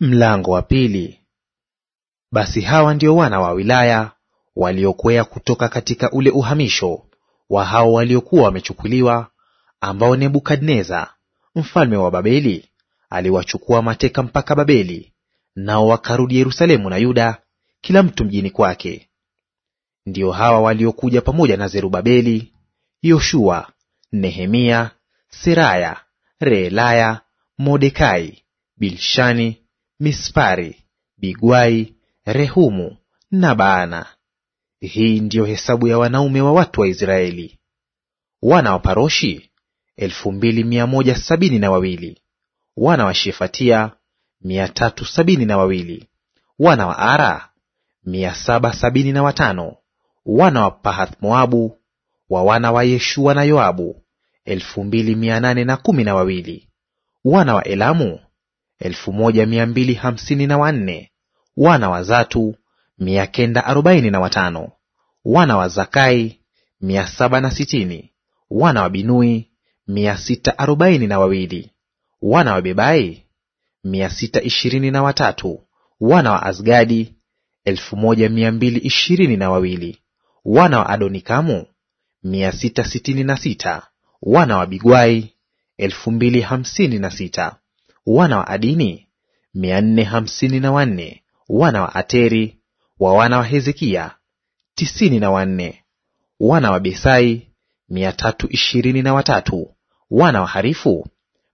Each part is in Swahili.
Mlango wa pili. Basi hawa ndio wana wa wilaya waliokwea kutoka katika ule uhamisho wa hao waliokuwa wamechukuliwa, ambao Nebukadneza mfalme wa Babeli aliwachukua mateka mpaka Babeli, nao wakarudi Yerusalemu na Yuda, kila mtu mjini kwake. Ndio hawa waliokuja pamoja na Zerubabeli, Yoshua, Nehemia, Seraya, Reelaya, modekai Bilshani Mispari, Bigwai, Rehumu na Baana. Hii ndiyo hesabu ya wanaume wa watu wa Israeli. Wana wa Paroshi elfu mbili mia moja sabini na wawili. Wana wa Shefatia mia tatu sabini na wawili. Wana wa Ara mia saba sabini na watano. Wana wa Pahath Moabu wa wana wa Yeshua na Yoabu elfu mbili mia nane na kumi na wawili. Wana wa Elamu elfu moja mia mbili hamsini na wanne wana wa Zatu mia kenda arobaini na watano wana wa Zakai mia saba na sitini wana wa Binui mia sita arobaini na wawili wana wa Bebai mia sita ishirini na watatu wana wa Azgadi elfu moja mia mbili ishirini na wawili wana wa Adonikamu mia sita sitini na sita wana wa Bigwai elfu mbili hamsini na sita wana wa Adini mia nne hamsini na wanne wana wa Ateri wa wana wa Hezekia tisini na wanne wana wa Besai mia tatu ishirini na watatu wana wa Harifu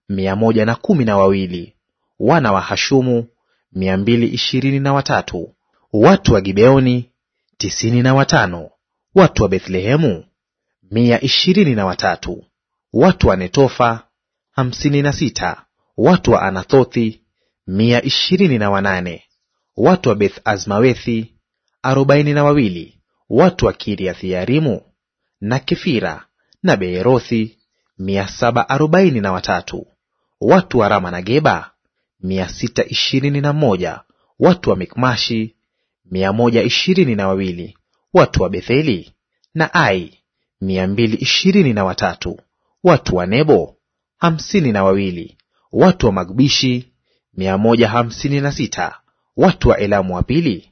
mia moja na kumi na wawili wana wa Hashumu mia mbili ishirini na watatu watu wa Gibeoni tisini na watano watu wa Bethlehemu mia ishirini na watatu watu wa Netofa hamsini na sita watu wa Anathothi mia ishirini na wanane watu wa Beth Azmawethi arobaini na wawili watu wa Kiriathiarimu na Kefira na Beerothi mia saba arobaini na watatu watu wa Rama na Geba mia sita ishirini na moja watu wa Mikmashi mia moja ishirini na wawili watu wa Betheli na Ai mia mbili ishirini na watatu watu wa Nebo hamsini na wawili watu wa Magbishi mia moja hamsini na sita, watu wa Elamu wa pili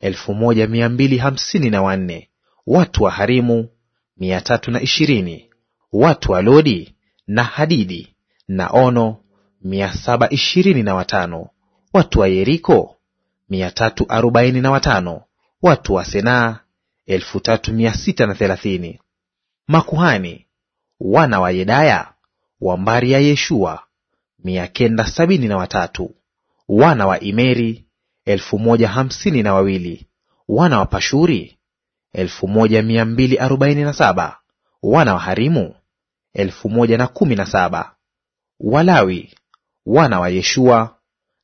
elfu moja mia mbili hamsini na wanne, watu wa Harimu mia tatu na ishirini, watu wa Lodi na Hadidi na Ono mia saba ishirini na watano, watu wa Yeriko mia tatu arobaini na watano, watu wa Senaa elfu tatu mia sita na thelathini. Makuhani wana wa Yedaya wa mbari ya Yeshua mia kenda sabini na watatu. Wana wa Imeri elfu moja hamsini na wawili. Wana wa Pashuri elfu moja mia mbili arobaini na saba. Wana wa Harimu elfu moja na kumi na saba. Walawi wana wa Yeshua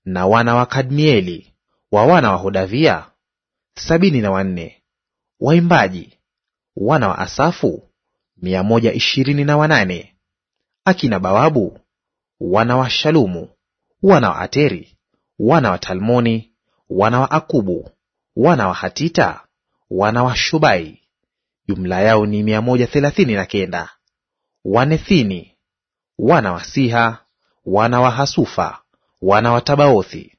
na wana wa Kadmieli wa wana wa Hodavia sabini na wanne. Waimbaji wana wa Asafu mia moja ishirini na wanane. Akina Bawabu wana wa Shalumu, wana wa Ateri, wana wa Talmoni, wana wa Akubu, wana wa Hatita, wana wa Shubai; jumla yao ni mia moja thelathini na kenda. Wanethini, wana wa Siha, wana wa Hasufa, wana wa Tabaothi,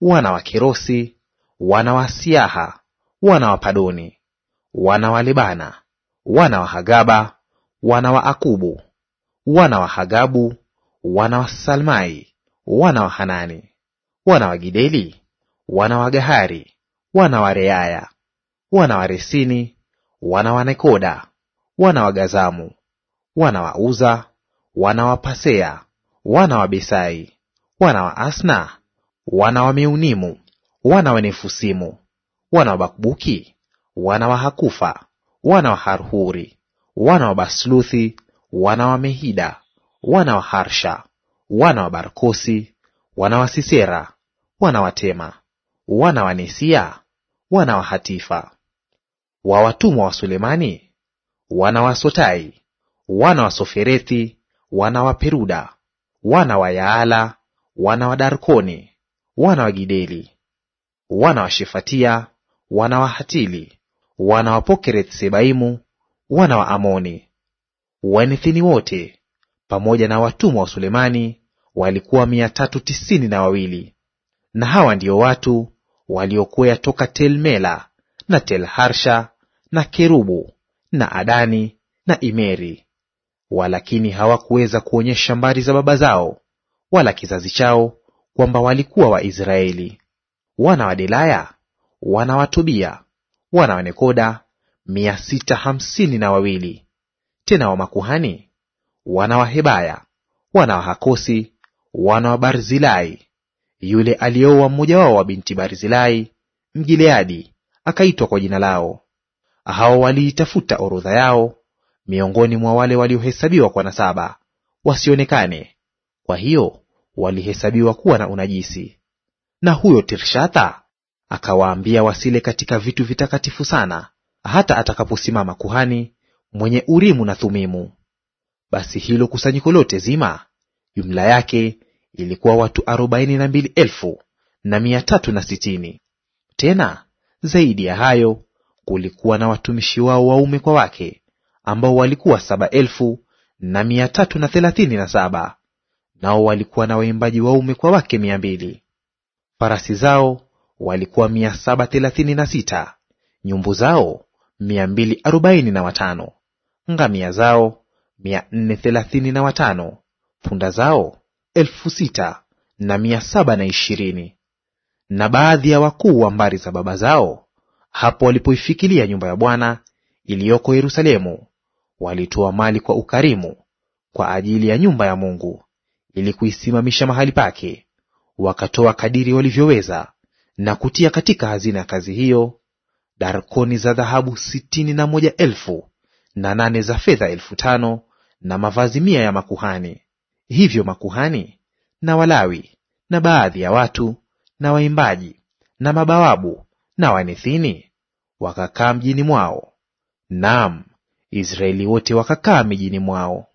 wana wa Kerosi, wana wa Siaha, wana wa Padoni, wana wa Lebana, wana wa Hagaba, wana wa Akubu, wana wa Hagabu, wana wa Salmai, wana wa Hanani, wana wa Gideli, wana wa Gahari, wana wa Reaya, wana wa Resini, wana wa Nekoda, wana wa Gazamu, wana wa Uza, wana wa Pasea, wana wa Besai, wana wa Asna, wana wa Meunimu, wana wa Nefusimu, wana wa Bakbuki, wana wa Hakufa, wana wa Harhuri, wana wa Basluthi, wana wa Mehida, wana wa Harsha, wana wa Barkosi, wana wa Sisera, wana wa Tema, wana wa Nesia, wana wa Hatifa, wa watumwa wa Sulemani, wana wa Sotai, wana wa Soferethi, wana wa Peruda, wana wa Yaala, wana wa Darkoni, wana wa Gideli, wana wa Shefatia, wana wa Hatili, wana wa Pokereth Sebaimu, wana wa Amoni, Wanethini wote pamoja na watumwa wa Sulemani walikuwa mia tatu tisini na wawili. Na hawa ndio watu waliokwea toka Telmela na Telharsha na Kerubu na Adani na Imeri, walakini hawakuweza kuonyesha mbari za baba zao wala kizazi chao kwamba walikuwa Waisraeli. Wana wa Delaya, wana wa Tobia, wana wa Nekoda mia sita hamsini na wawili. Tena wa makuhani wana wa Hebaya, wana wa Hakosi, wana wa Barzilai, yule aliyeoa mmoja wao wa binti Barzilai Mgileadi, akaitwa kwa jina lao. Hao waliitafuta orodha yao miongoni mwa wale waliohesabiwa kwa nasaba, wasionekane; kwa hiyo walihesabiwa kuwa na unajisi. Na huyo Tirshatha akawaambia wasile katika vitu vitakatifu sana, hata atakaposimama kuhani mwenye Urimu na Thumimu. Basi hilo kusanyiko lote zima jumla yake ilikuwa watu arobaini na mbili elfu na mia tatu na sitini. Tena zaidi ya hayo kulikuwa na watumishi wao waume kwa wake ambao walikuwa saba elfu na mia tatu na thelathini na saba nao walikuwa na waimbaji waume kwa wake mia mbili. Farasi zao walikuwa mia saba thelathini na sita, nyumbu zao mia mbili arobaini na watano, ngamia zao 435 punda zao 6720 na na na baadhi ya wakuu wa mbari za baba zao hapo walipoifikilia nyumba ya Bwana iliyoko Yerusalemu walitoa mali kwa ukarimu kwa ajili ya nyumba ya Mungu ili kuisimamisha mahali pake, wakatoa kadiri walivyoweza na kutia katika hazina ya kazi hiyo darkoni za dhahabu sitini na moja elfu na nane za fedha elfu tano na mavazi mia ya makuhani. Hivyo makuhani na Walawi na baadhi ya watu na waimbaji na mabawabu na wanithini wakakaa mjini mwao; naam, Israeli wote wakakaa mijini mwao.